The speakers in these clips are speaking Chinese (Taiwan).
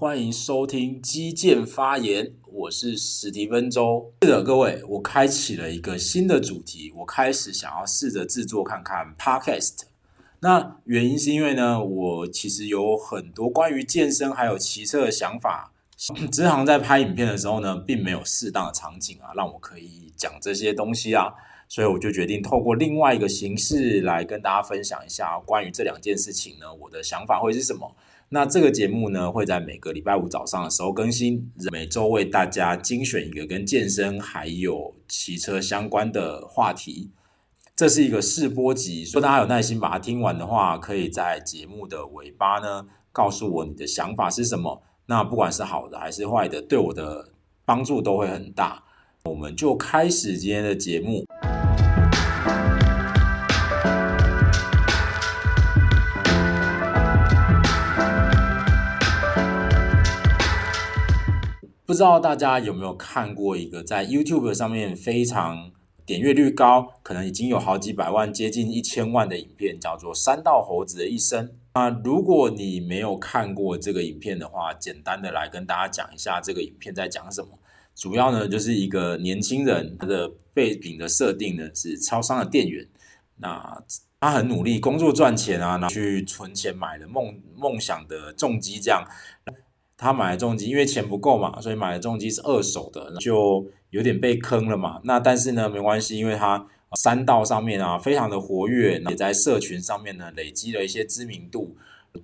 歡迎收聽機健發言，我是史蒂芬周。是的，各位，我開啟了一個新的主題，我開始想要試着製作看看 podcast。那原因是因為呢，我其實有很多關於健身還有騎車的想法，只是在拍影片的時候呢，並沒有適當的場景啊，讓我可以講這些東西啊，所以我就決定透過另外一個形式來跟大家分享一下關於這兩件事情呢，我的想法會是什麼。那這個節目呢，會在每個禮拜五早上的時候更新，每周為大家精選一個跟健身還有騎車相關的話題。這是一個試播集，如果大家有耐心把它聽完的話，可以在節目的尾巴呢告訴我你的想法是什麼。那不管是好的還是壞的，對我的幫助都會很大。我們就開始今天的節目。不知道大家有沒有看過一個在 YouTube 上面非常點閱率高，可能已經有好幾百萬、接近一千萬的影片，叫做《山道猴子的一生》。那如果你沒有看過這個影片的話，簡單的來跟大家講一下這個影片在講什麼。主要呢就是一個年輕人，他的背景的設定呢是超商的店員，那他很努力工作賺錢啊，然後去存錢買了夢夢想的重機，這樣。他買了重機，因為錢不夠嘛，所以買的重機是二手的，就有點被坑了嘛。那但是呢，沒關係，因為他山道上面啊非常的活躍，也在社群上面呢累積了一些知名度。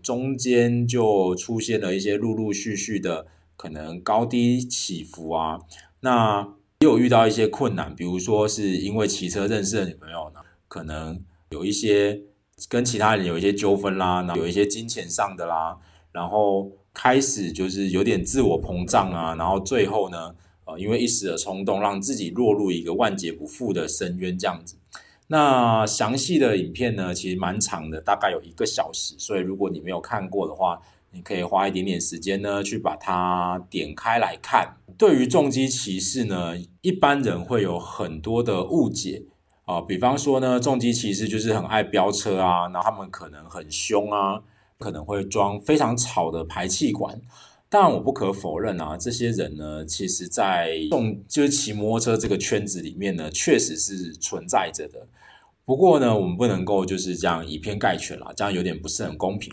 中間就出現了一些陸陸續續的可能高低起伏啊，那又遇到一些困難，比如說是因為騎車認識的女朋友呢，可能有一些跟其他人有一些糾紛啦，然後有一些金錢上的啦，然後。開始就是有點自我膨脹啊，然後最後呢，呃，因為一時的衝動，讓自己落入一個萬劫不復的深淵這樣子。那詳細的影片呢，其實蠻長的，大概有一個小時，所以如果你沒有看過的話，你可以花一點點時間呢，去把它點開來看。對於重機騎士呢，一般人會有很多的誤解啊，呃，比方說呢，重機騎士就是很愛飆車啊，然後他們可能很兇啊。可能會裝非常吵的排氣管，但我不可否認啊，這些人呢，其實在動，就是騎摩托車這個圈子裡面呢，確實是存在着的。不過呢，我們不能夠就是這樣以偏概全啦，這樣有點不是很公平。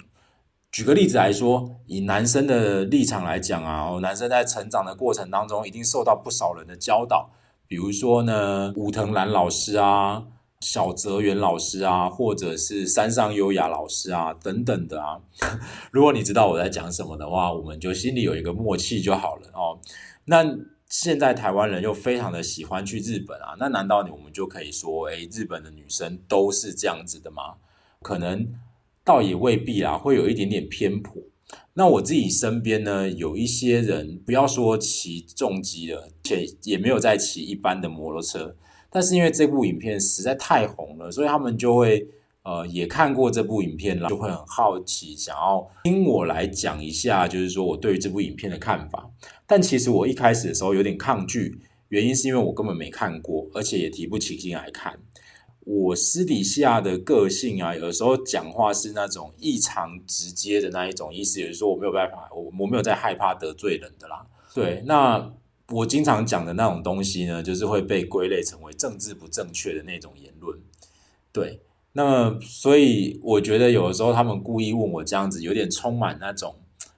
舉個例子來說，以男生的立場來講啊，男生在成長的過程當中，一定受到不少人的教導，比如說呢，武藤蘭老師啊。小澤圓老師啊，或者是三上悠亞老師啊，等等的啊。 如果你知道我在講什麼的話，我們就心裡有一個默契就好了哦。那現在台灣人又非常的喜歡去日本啊，那難道你我們就可以說，誒、欸，日本的女生都是這樣子的嗎？可能倒也未必啦、啊，會有一點點偏頗。那我自己身邊呢，有一些人不要說騎重機了，且也沒有在騎一般的摩托車。但是因為這部影片實在太紅了，所以他們就會，呃，也看過這部影片了，就會很好奇，想要聽我來講一下，就是說我對於這部影片的看法。但其實我一開始的時候有點抗拒，原因是因為我根本沒看過，而且也提不起勁來看。我私底下的個性啊，有的時候講話是那種異常直接的那一種意思，也就是說我沒有辦法，我我沒有在害怕得罪人的啦。對，那。我經常講的那種東西呢，就是會被歸類成為政治不正確的那種言論。對，那麼所以我覺得有的時候他們故意問我這樣子，有點充滿那種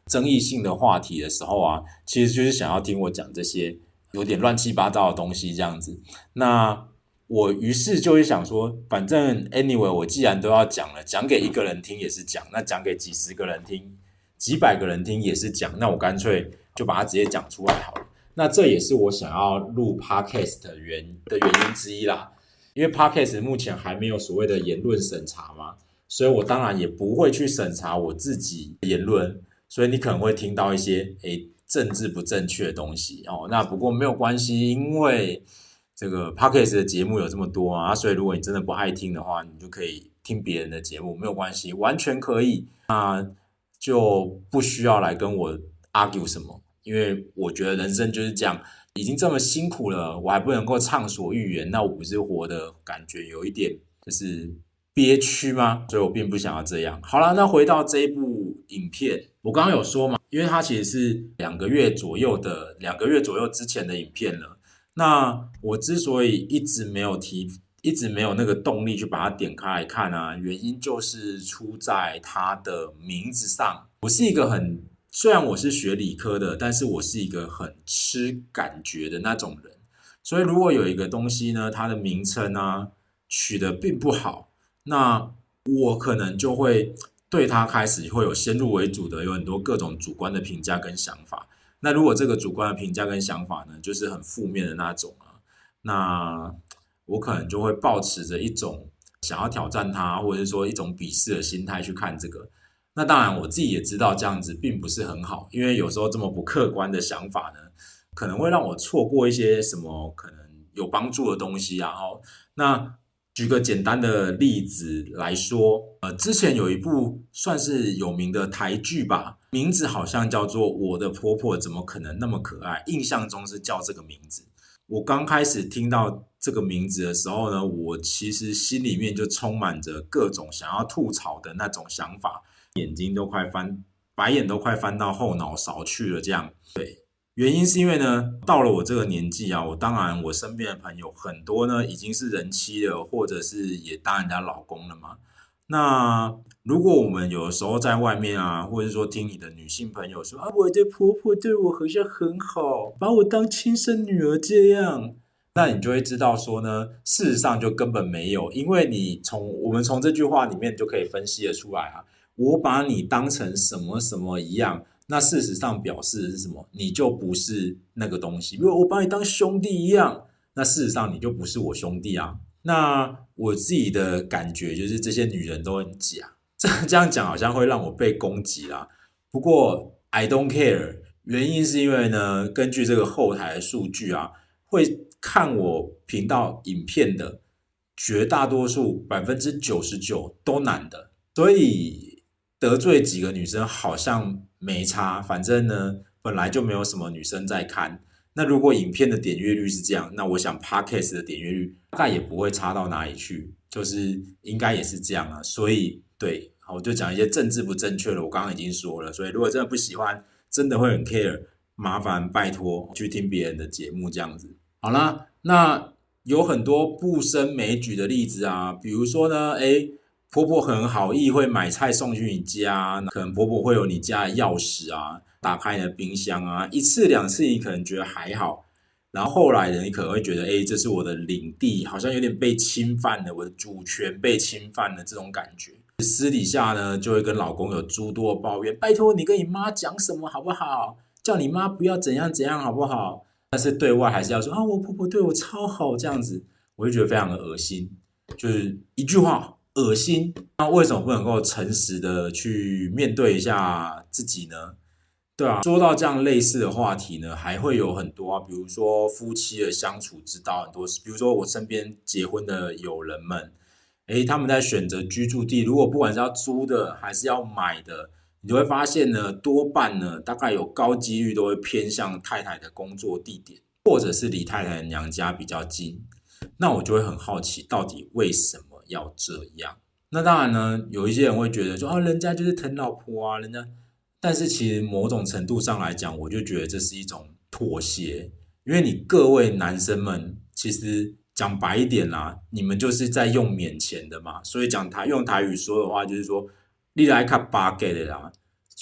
爭議性的話題的時候啊，其實就是想要聽我講這些有點亂七八糟的東西這樣子。那我於是就會想說，反正 anyway，我既然都要講了，講給一個人聽也是講，那講給幾十個人聽、幾百個人聽也是講，那我乾脆就把它直接講出來好了。那這也是我想要錄 Podcast 的原的原因之一啦，因為 Podcast 目前還沒有所謂的言論審查嘛，所以我當然也不會去審查我自己言論，所以你可能會聽到一些誒、欸、政治不正確的東西哦。那不過沒有關係，因為這個 Podcast 的節目有這麼多啊，所以如果你真的不愛聽的話，你就可以聽別人的節目，沒有關係，完全可以，那就不需要來跟我 argue 什麼。因為我覺得人生就是這樣，已經這麼辛苦了，我還不能夠暢所欲言，那我不是活的感覺有一點就是憋屈嗎？所以我並不想要這樣。好了，那回到這一部影片，我剛剛有說嘛，因為它其實是兩個月左右的，兩個月左右之前的影片了。那我之所以一直沒有提，一直沒有那個動力去把它點開來看啊，原因就是出在它的名字上。我是一個很雖然我是學理科的，但是我是一個很吃感覺的那種人，所以如果有一個東西呢，它的名稱啊取得並不好，那我可能就會對它開始會有先入為主的，有很多各種主觀的評價跟想法。那如果這個主觀的評價跟想法呢，就是很負面的那種啊，那我可能就會抱持著一種想要挑戰它，或者是說一種鄙視的心態去看這個。那當然，我自己也知道這樣子並不是很好，因為有時候這麼不客觀的想法呢，可能會讓我錯過一些什麼可能有幫助的東西啊。然後，那舉個簡單的例子來說，呃，之前有一部算是有名的台劇吧，名字好像叫做《我的婆婆怎麼可能那麼可愛》，印象中是叫這個名字。我剛開始聽到這個名字的時候呢，我其實心裡面就充滿着各種想要吐槽的那種想法。眼睛都快翻，白眼都快翻到後腦勺去了。這樣，對，原因是因為呢，到了我這個年紀啊，我當然我身邊的朋友很多呢，已經是人妻了，或者是也當人家老公了嘛。那如果我們有的時候在外面啊，或者是說聽你的女性朋友說啊，我的婆婆對我好像很好，把我當親生女兒這樣，那你就會知道說呢，事實上就根本沒有，因為你從我們從這句話裡面就可以分析得出來啊。我把你當成什麼什麼一樣，那事實上表示的是什麼？你就不是那個東西。如果我把你當兄弟一樣，那事實上你就不是我兄弟啊。那我自己的感覺就是這些女人都很假。這這樣講好像會讓我被攻擊啦啊。不過 I don't care，原因是因為呢，根據這個後台的數據啊，會看我頻道影片的絕大多數百分之九十九都男的，所以。得罪幾個女生好像沒差，反正呢本來就沒有什麼女生在看。那如果影片的點閱率是這樣，那我想 podcast 的點閱率再也不會差到哪裡去，就是應該也是這樣啊。所以對好，我就講一些政治不正確的，我剛剛已經說了。所以如果真的不喜歡，真的會很 care，麻煩拜託去聽別人的節目這樣子。好啦。那有很多不生沒舉的例子啊，比如說呢，哎。婆婆很好意會買菜送去你家，可能婆婆會有你家的鑰匙啊，打開你的冰箱啊，一次兩次你可能覺得還好，然後後來呢，你可能會覺得，哎，這是我的領地，好像有點被侵犯了，我的主權被侵犯了這種感覺。私底下呢就會跟老公有諸多的抱怨，拜托你跟你媽講什麼好不好？叫你媽不要怎樣怎樣好不好？但是對外還是要說啊，我婆婆對我超好這樣子，我就覺得非常的噁心，就是一句話。噁心，那為什麼不能夠誠實的去面對一下自己呢？對啊，說到這樣類似的話題呢，還會有很多啊，比如說夫妻的相處之道，很多，比如說我身邊結婚的友人們，欸，他們在選擇居住地，如果不管是要租的還是要買的，你就會發現呢，多半呢，大概有高幾率都會偏向太太的工作地點，或者是離太太娘家比較近。那我就會很好奇，到底為什麼？要這樣，那當然呢，有一些人會覺得說啊、哦，人家就是疼老婆啊，人家。但是其實某種程度上來講，我就覺得這是一種妥協，因為你各位男生們，其實講白一點啦、啊，你們就是在用免錢的嘛。所以講台用台語說的話，就是說，你來卡巴給的啦，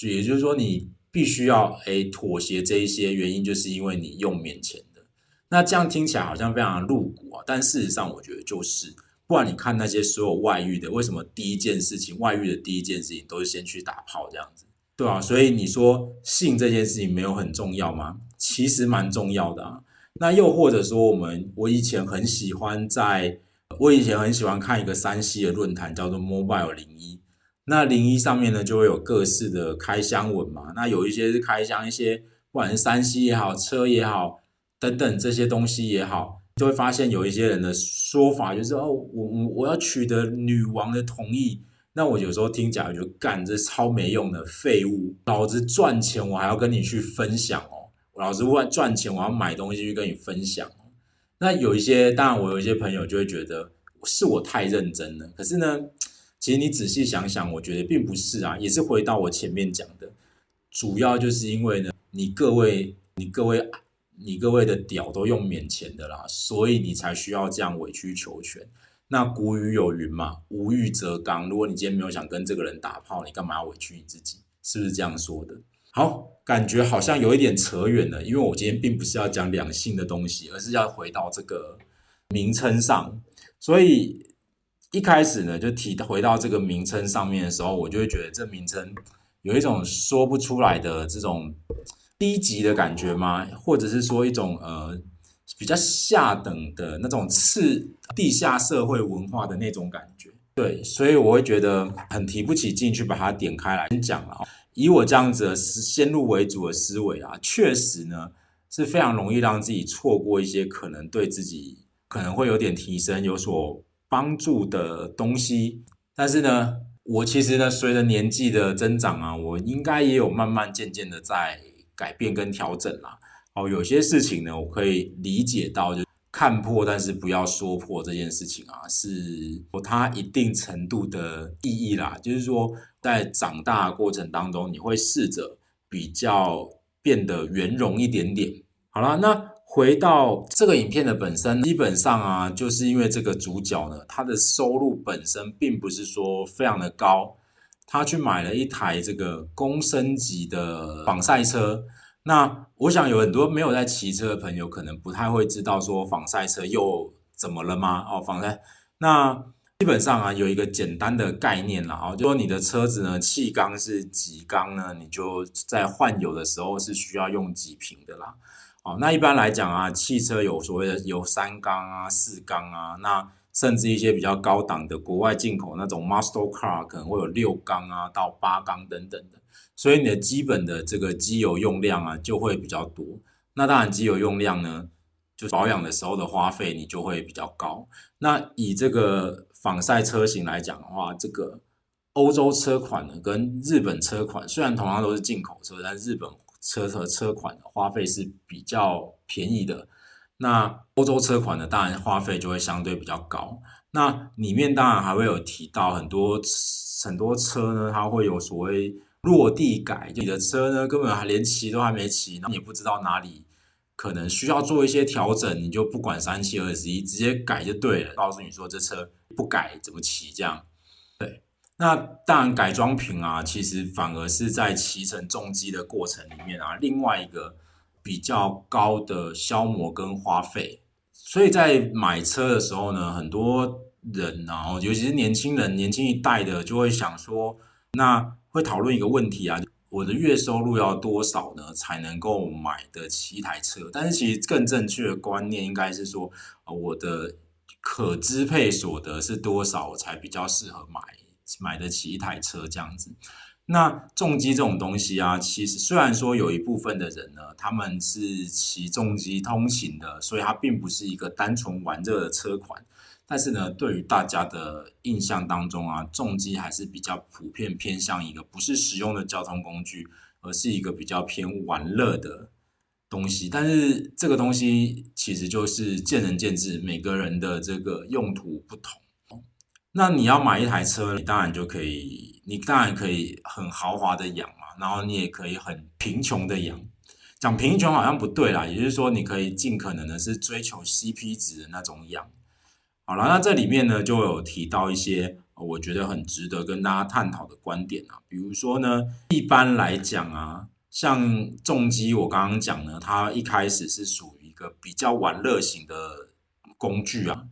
也就是說你必須要哎妥協這一些原因，就是因為你用免錢的。那這樣聽起來好像非常露骨啊，但事實上我覺得就是。不然你看那些所有外遇的，為什麼第一件事情，外遇的第一件事情都是先去打炮這樣子。對啊，所以你說性這件事情沒有很重要嗎？其實蠻重要的啊。那又或者說，我們我以前很喜歡在，我以前很喜歡看一個 3C 的論壇，叫做 Mobile01。那01上面呢，就會有各式的開箱文嘛。那有一些是開箱一些，不管是 3C 也好，車也好，等等這些東西也好。就會發現有一些人的說法就是哦，我我我要取得女王的同意，那我有時候聽講就幹，這超沒用的廢物，老子賺錢，我還要跟你去分享哦，老子賺賺錢，我要買東西去跟你分享，那有一些當然我有一些朋友就會覺得是我太認真了，可是呢，其實你仔細想想，我覺得並不是啊，也是回到我前面講的，主要就是因為呢，你各位你各位。你各位的屌都用免錢的啦，所以你才需要這樣委曲求全。那古語有云嘛，“無欲則剛”。如果你今天沒有想跟這個人打炮，你幹嘛要委屈你自己？是不是這樣說的？好，感覺好像有一點扯遠了，因為我今天並不是要講兩性的東西，而是要回到這個名稱上。所以一開始呢，就提回到這個名稱上面的時候，我就會覺得這名稱有一種說不出來的這種。低級的感覺嗎？或者是說一種呃比較下等的那種次地下社會文化的那種感覺？對，所以我會覺得很提不起勁去把它點開來講啊。以我這樣子的先入為主的思維啊，確實呢是非常容易讓自己錯過一些可能對自己可能會有點提升、有所幫助的東西。但是呢，我其實呢隨着年紀的增長啊，我應該也有慢慢漸漸的在。改變跟調整啦，啊，哦，有些事情呢，我可以理解到，就看破，但是不要說破這件事情啊，是有它一定程度的意義啦，就是說，在長大的過程當中，你會試着比較變得圓融一點點。好啦，那回到這個影片的本身，基本上啊，就是因為這個主角呢，他的收入本身並不是說非常的高。他去買了一台這個公升級的仿賽車，那我想有很多沒有在騎車的朋友，可能不太會知道說仿賽車又怎麼了嗎？哦，仿賽，那基本上啊，有一個簡單的概念啦，哦，就是、說你的車子呢氣缸是幾缸呢？你就在換油的時候是需要用幾瓶的啦。哦，那一般來講啊，汽車有所謂的有三缸啊、四缸啊，那。甚至一些比較高檔的國外進口那種 muscle car 可能會有六缸啊到八缸等等的，所以你的基本的這個機油用量啊就會比較多。那當然，機油用量呢，就保養的時候的花費你就會比較高。那以這個仿賽車型來講的話，這個歐洲車款呢跟日本車款雖然同樣都是進口車，但日本車和車款的花費是比較便宜的。那歐洲車款的當然花費就會相對比較高。那裡面當然還會有提到很多很多車呢，它會有所謂落地改，就是、你的車呢根本還連騎都還沒騎，那你也不知道哪裡可能需要做一些調整，你就不管三七二十一，直接改就對了。告訴你說這車不改怎麼騎？這樣對。那當然改裝品啊，其實反而是在騎乘重機的過程裡面啊，另外一個。比較高的消磨跟花費，所以在買車的時候呢，很多人然後、啊、尤其是年輕人、年輕一代的，就會想說，那會討論一個問題啊，我的月收入要多少呢，才能夠買得起一台車？但是其實更正確的觀念應該是說，我的可支配所得是多少，才比較適合買買得起一台車這樣子。那重機這種東西啊，其實雖然說有一部分的人呢，他們是騎重機通勤的，所以它並不是一個單純玩樂的車款。但是呢，對於大家的印象當中啊，重機還是比較普遍偏向一個不是實用的交通工具，而是一個比較偏玩樂的東西。但是這個東西其實就是見仁見智，每個人的這個用途不同。那你要買一台車，你當然就可以。你當然可以很豪華的養嘛，然後你也可以很貧窮的養。講貧窮好像不對啦，也就是說你可以盡可能的是追求 CP 值的那種養。好了，那這裡面呢，就有提到一些我覺得很值得跟大家探討的觀點啊，比如說呢，一般來講啊，像重機我剛剛講呢，它一開始是屬於一個比較玩樂型的工具啊，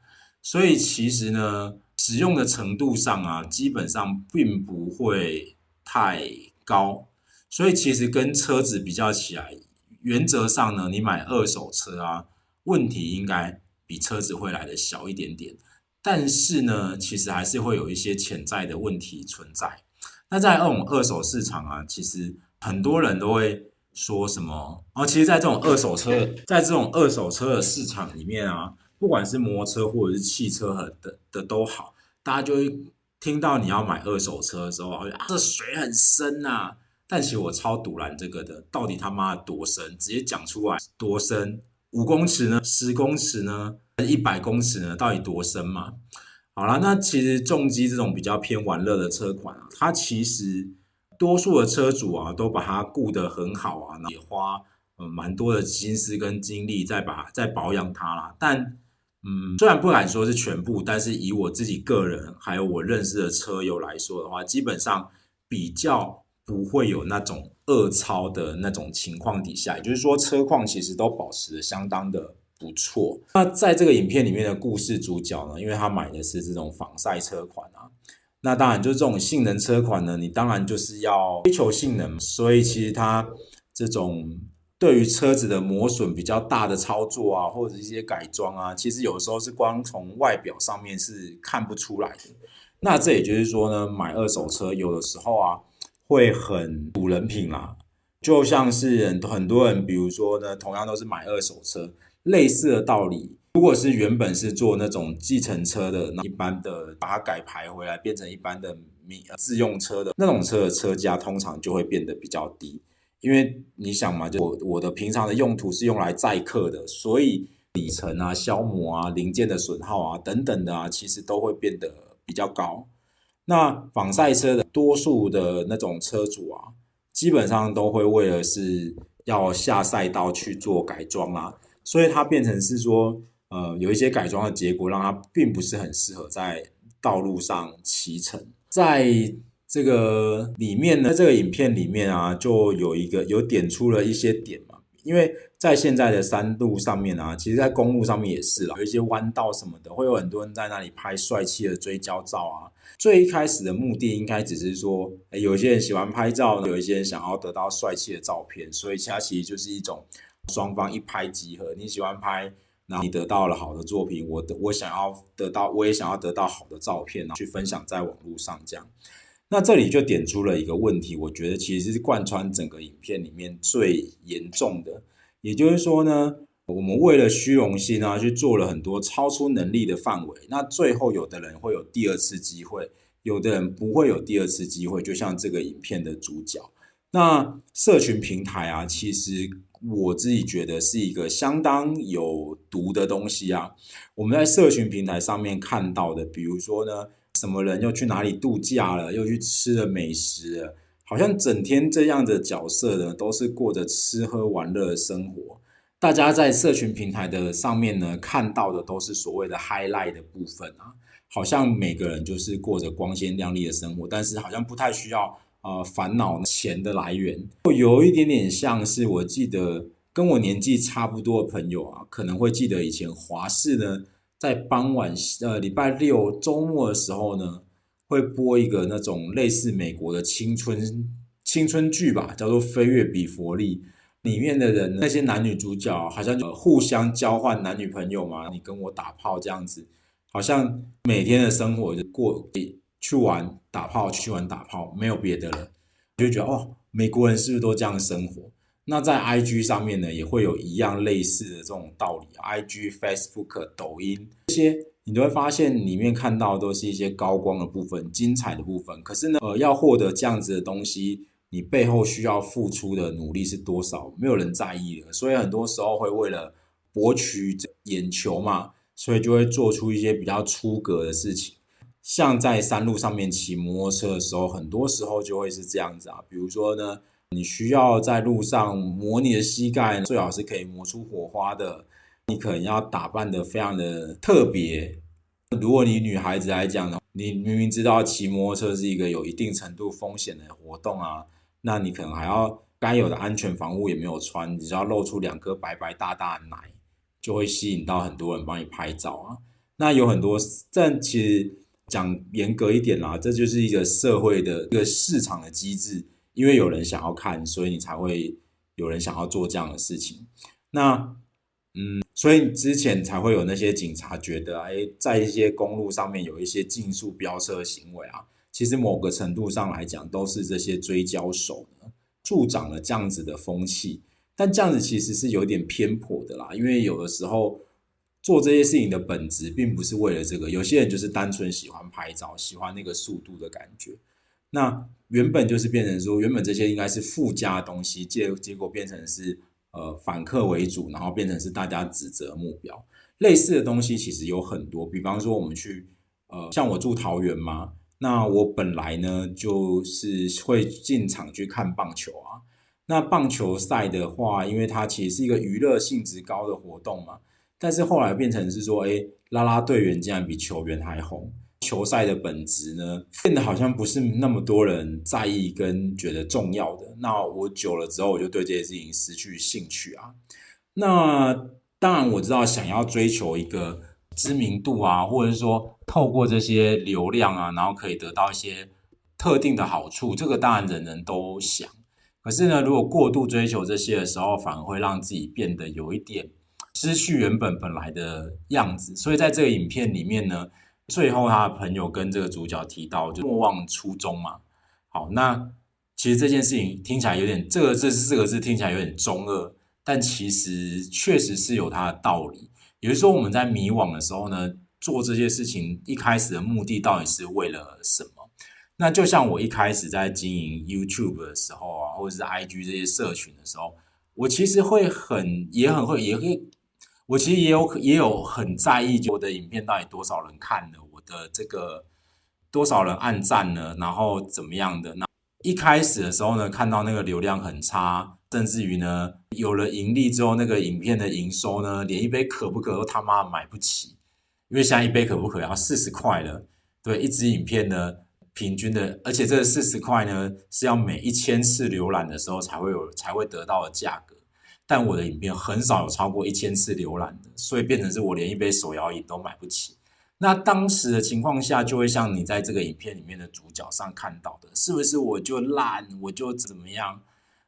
所以其實呢。使用的程度上啊，基本上並不會太高，所以其實跟車子比較起來，原則上呢，你買二手車啊，問題應該比車子會來的小一點點。但是呢，其實還是會有一些潛在的問題存在。那在這二手市場啊，其實很多人都會說什麼啊、哦，其實，在這種二手車，在這種二手車的市場裡面啊，不管是摩托車或者是汽車和的的都好。大家就會聽到你要買二手車的時候，好像啊這水很深吶、啊。但其實我超賭爛這個的，到底他媽的多深？直接講出來多深？五公尺呢？十公尺呢？一百公尺呢？到底多深嘛？好啦，那其實重機這種比較偏玩樂的車款啊，它其實多數的車主啊，都把它顧得很好啊，也花呃蠻、嗯、多的心思跟精力在把在保養它啦。但嗯，雖然不敢說是全部，但是以我自己個人還有我認識的車友來說的話，基本上比較不會有那種惡操的那種情況底下，也就是說車況其實都保持得相當的不錯。那在這個影片裡面的故事主角呢，因為他買的是這種仿賽車款啊，那當然就是這種性能車款呢，你當然就是要追求性能，所以其實它這種。對於車子的磨損比較大的操作啊，或者一些改裝啊，其實有時候是光從外表上面是看不出來的。那這也就是說呢，買二手車有的時候啊，會很賭人品啦。就像是很多人，比如說呢，同樣都是買二手車，類似的道理，如果是原本是做那種計程車的，那一般的把它改牌回來變成一般的民自用車的那種車的車價，通常就會變得比較低。因為你想嘛，就我我的平常的用途是用來載客的，所以里程啊、消磨啊、零件的損耗啊等等的啊，其實都會變得比較高。那仿賽車的多數的那種車主啊，基本上都會為了是要下賽道去做改裝啦、啊，所以它變成是說，呃，有一些改裝的結果讓它並不是很適合在道路上騎乘，在。這個裡面呢，這個影片裡面啊，就有一個有點出了一些點嘛。因為在現在的山路上面啊，其實在公路上面也是啦，有一些彎道什麼的，會有很多人在那裡拍帥氣的追焦照啊。最一開始的目的應該只是說，誒有些人喜歡拍照，有一些人想要得到帥氣的照片，所以其他其實就是一種雙方一拍即合。你喜歡拍，然後你得到了好的作品，我我想要得到，我也想要得到好的照片呢，然後去分享在網絡上這樣。那這裡就點出了一個問題，我覺得其實是貫穿整個影片裡面最嚴重的，也就是說呢，我們為了虛榮心啊，去做了很多超出能力的範圍。那最後有的人會有第二次機會，有的人不會有第二次機會。就像這個影片的主角，那社群平台啊，其實我自己覺得是一個相當有毒的東西啊。我們在社群平台上面看到的，比如說呢。什麼人又去哪裡度假了？又去吃了美食了？好像整天這樣的角色呢，都是過着吃喝玩樂的生活。大家在社群平台的上面呢，看到的都是所謂的 highlight 的部分啊，好像每個人就是過着光鮮亮麗的生活，但是好像不太需要呃煩惱錢的來源，會有一點點像是我記得跟我年紀差不多的朋友啊，可能會記得以前華視呢。在傍晚，呃，禮拜六周末的時候呢，會播一個那種類似美國的青春青春劇吧，叫做《飛躍比佛利》。裡面的人，那些男女主角好像就互相交換男女朋友嘛，你跟我打炮這樣子，好像每天的生活就過，去玩打炮，去玩打炮，沒有別的了，就覺得哦，美國人是不是都這樣生活？那在 IG 上面呢，也會有一樣類似的這種道理，IG、IG、Facebook、抖音這些，你都會發現裡面看到的都是一些高光的部分、精彩的部分。可是呢，呃，要獲得這樣子的東西，你背後需要付出的努力是多少？沒有人在意的。所以很多時候會為了博取眼球嘛，所以就會做出一些比較出格的事情，像在山路上面騎摩托車的時候，很多時候就會是這樣子啊，比如說呢。你需要在路上磨你的膝蓋，最好是可以磨出火花的。你可能要打扮得非常的特別。如果你女孩子來講呢，你明明知道騎摩托車是一個有一定程度風險的活動啊，那你可能還要該有的安全防護也沒有穿，你只要露出兩顆白白大大的奶，就會吸引到很多人幫你拍照啊。那有很多，但其實講嚴格一點啦、啊，這就是一個社會的一個市場的機制。因為有人想要看，所以你才會有人想要做這樣的事情。那，嗯，所以之前才會有那些警察覺得，哎，在一些公路上面有一些競速飆車行為啊，其實某個程度上來講，都是這些追焦手呢助長了這樣子的風氣。但這樣子其實是有點偏頗的啦，因為有的時候做這些事情的本質並不是為了這個，有些人就是單純喜歡拍照，喜歡那個速度的感覺。那。原本就是變成說，原本這些應該是附加的東西，結結果變成是呃反客為主，然後變成是大家指責目標。類似的東西其實有很多，比方說我們去呃像我住桃園嘛，那我本來呢就是會進場去看棒球啊。那棒球賽的話，因為它其實是一個娛樂性質高的活動嘛，但是後來變成是說，哎、欸，啦啦隊員竟然比球員還紅。球賽的本質呢，變得好像不是那麼多人在意跟覺得重要的。那我久了之後，我就對這些事情失去興趣啊。那當然我知道，想要追求一個知名度啊，或者是說透過這些流量啊，然後可以得到一些特定的好處，這個當然人人都想。可是呢，如果過度追求這些的時候，反而會讓自己變得有一點失去原本本來的樣子。所以在這個影片裡面呢。最後，他的朋友跟這個主角提到、就是，就莫忘初衷嘛。好，那其實這件事情聽起來有點，這個這四個字聽起來有點中二，但其實確實是有它的道理。比如說，我們在迷惘的時候呢，做這些事情一開始的目的到底是為了什麼？那就像我一開始在經營 YouTube 的時候啊，或者是 IG 這些社群的時候，我其實會很也很會，也會。我其實也有也有很在意，就我的影片到底多少人看了，我的這個多少人按讚呢，然後怎麼樣的？那一開始的時候呢，看到那個流量很差，甚至於呢，有了盈利之後，那個影片的營收呢，連一杯可不可都他媽買不起，因為現在一杯可不可要四十塊了，對，一支影片呢，平均的，而且這四十塊呢，是要每一千次瀏覽的時候才會有，才會得到的價格。但我的影片很少有超過一千次瀏覽的，所以變成是我連一杯手搖飲都買不起。那當時的情況下，就會像你在這個影片裡面的主角上看到的，是不是我就爛，我就怎麼樣？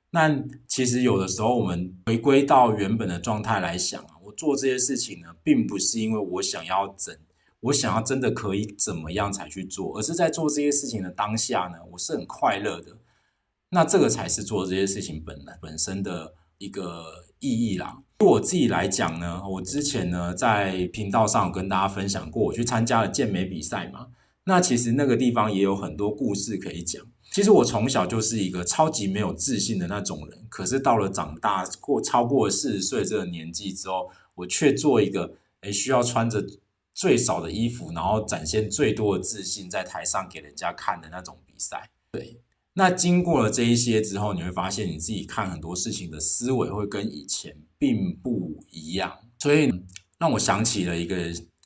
那其實有的時候我們回歸到原本的狀態來想啊，我做這些事情呢，並不是因為我想要怎，我想要真的可以怎麼樣才去做，而是在做這些事情的當下呢，我是很快樂的。那這個才是做這些事情本來本身的。一個意義啦。就我自己來講呢，我之前呢在頻道上有跟大家分享過，我去參加了健美比賽嘛。那其實那個地方也有很多故事可以講。其實我從小就是一個超級沒有自信的那種人，可是到了長大過超過四十歲這個年紀之後，我卻做一個誒，需要穿着最少的衣服，然後展現最多的自信，在台上給人家看的那種比賽。對。那經過了這一些之後，你會發現你自己看很多事情的思維會跟以前並不一樣，所以讓我想起了一個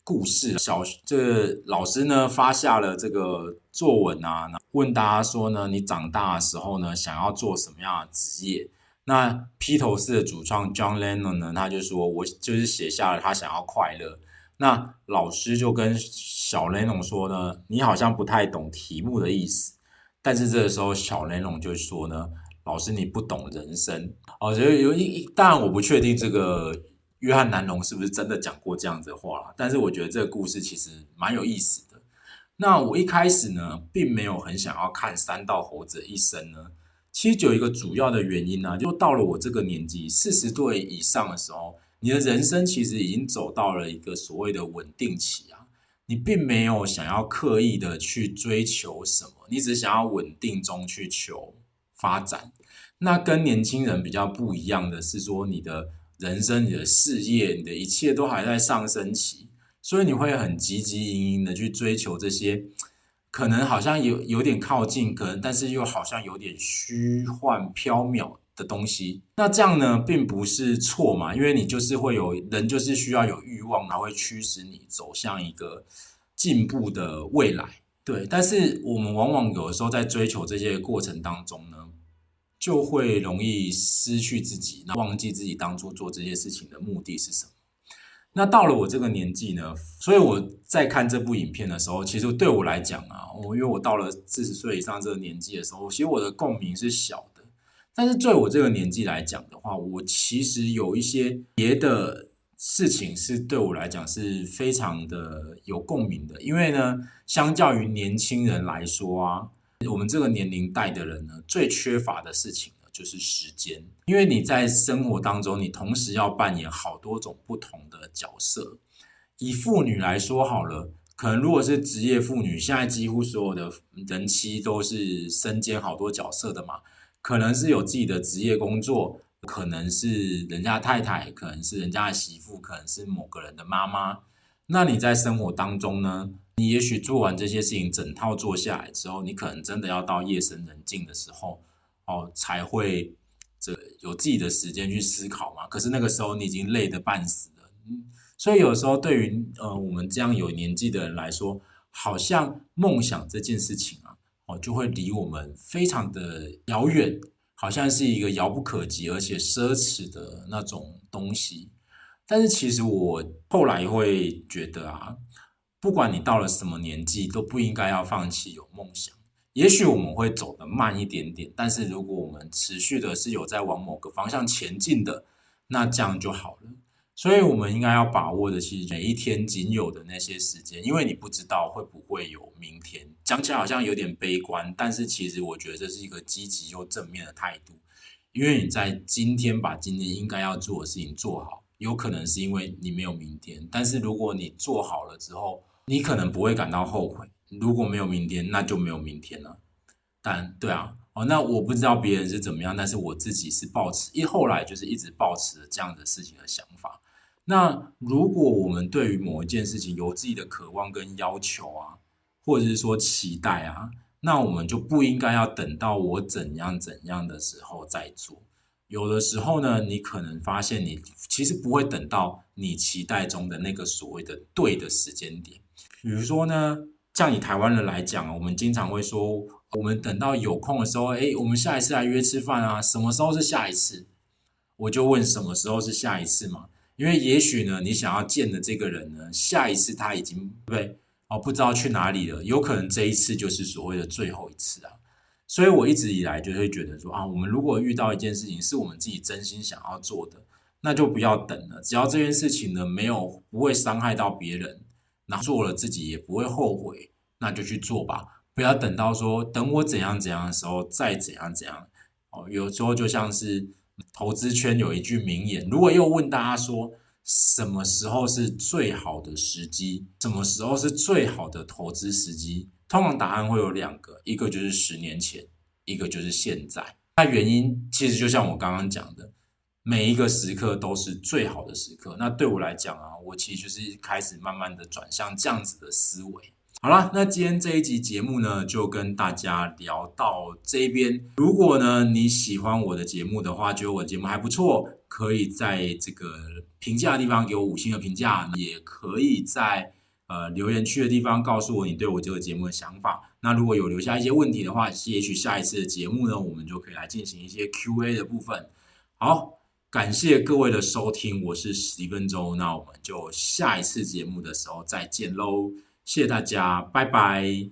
故事。小這老師呢發下了這個作文啊，問大家說呢，你長大的時候呢，想要做什麼樣的職業？那披頭士的主創 John Lennon 呢，他就說我就是寫下了他想要快樂。那老師就跟小 Lennon 說呢，你好像不太懂題目的意思。但是這個時候，小藍儂就說呢：“老師，你不懂人生。”哦，覺得有一,一，當然我不確定這個約翰藍儂是不是真的講過這樣子的話啦，但是我覺得這個故事其實蠻有意思的。那我一開始呢，並沒有很想要看山道猴子的一生呢。其實有一個主要的原因呢，啊，就到了我這個年紀，四十歲以上的時候，你的人生其實已經走到了一個所謂的穩定期啊。你並沒有想要刻意的去追求什麼，你只想要穩定中去求發展。那跟年輕人比較不一樣的是說你的人生、你的事業、你的一切都還在上升期，所以你會很汲汲營營的去追求這些，可能好像有有點靠近，可能但是又好像有點虛幻縹緲的東西，那這樣呢，並不是錯嘛，因為你就是會有人，就是需要有慾望，然後會驅使你走向一個進步的未來。對，但是我們往往有時候在追求這些過程當中呢，就會容易失去自己，那忘記自己當初做這些事情的目的是什麼。那到了我這個年紀呢，所以我在看這部影片的時候，其實對我來講啊，我因為我到了四十歲以上這個年紀的時候，其實我的共鳴是小。但是對我這個年紀來講的話，我其實有一些別的事情是對我來講是非常的有共鳴的。因為呢，相較於年輕人來說啊，我們這個年齡代的人呢，最缺乏的事情呢就是時間。因為你在生活當中，你同時要扮演好多種不同的角色。以婦女來說好了，可能如果是職業婦女，現在幾乎所有的人妻都是身兼好多角色的嘛。可能是有自己的職業工作，可能是人家太太，可能是人家的媳婦，可能是某個人的媽媽。那你在生活當中呢？你也許做完這些事情，整套做下來之後，你可能真的要到夜深人靜的時候，哦，才會這個、有自己的時間去思考嘛。可是那個時候，你已經累得半死了。嗯，所以有時候對於呃我們這樣有年紀的人來說，好像夢想這件事情、啊哦，就會離我們非常的遙遠，好像是一個遙不可及而且奢侈的那種東西。但是其實我後來會覺得啊，不管你到了什麼年紀，都不應該要放棄有夢想。也許我們會走得慢一點點，但是如果我們持續的是有在往某個方向前進的，那這樣就好了。所以，我們應該要把握的是每一天僅有的那些時間，因為你不知道會不會有明天。講起來好像有點悲觀，但是其實我覺得這是一個積極又正面的態度，因為你在今天把今天應該要做的事情做好，有可能是因為你沒有明天，但是如果你做好了之後，你可能不會感到後悔。如果沒有明天，那就沒有明天了。但對啊，哦，那我不知道別人是怎麼樣，但是我自己是抱持一後來就是一直抱持這樣的事情的想法。那如果我們對於某一件事情有自己的渴望跟要求啊。或者是說期待啊，那我們就不應該要等到我怎樣怎樣的時候再做。有的時候呢，你可能發現你其實不會等到你期待中的那個所謂的對的時間點。比如說呢，像你台灣人來講啊，我們經常會說，我們等到有空的時候，哎，我們下一次來約吃飯啊。什麼時候是下一次？我就問什麼時候是下一次嘛，因為也許呢，你想要見的這個人呢，下一次他已經，對不對？哦，不知道去哪裡了，有可能這一次就是所謂的最後一次啊，所以我一直以來就會覺得說啊，我們如果遇到一件事情是我們自己真心想要做的，那就不要等了，只要這件事情呢沒有不會傷害到別人，那做了自己也不會後悔，那就去做吧，不要等到說等我怎樣怎樣的時候再怎樣怎樣。哦，有時候就像是投資圈有一句名言，如果又問大家說，什麼時候是最好的時機？什麼時候是最好的投資時機？通常答案會有兩個，一個就是十年前，一個就是現在。那原因其實就像我剛剛講的，每一個時刻都是最好的時刻。那對我來講啊，我其實就是開始慢慢的轉向這樣子的思維。好了，那今天這一集節目呢，就跟大家聊到這邊。如果呢，你喜歡我的節目的話，覺得我的節目還不錯。可以在這個評價的地方給我五星的評價，也可以在呃留言區的地方告訴我你對我這個節目的想法。那如果有留下一些問題的話，也許下一次的節目呢，我們就可以來進行一些 Q&A 的部分。好，感謝各位的收聽，我是史蒂芬周，那我們就下一次節目的時候再見嘍，謝謝大家，拜拜。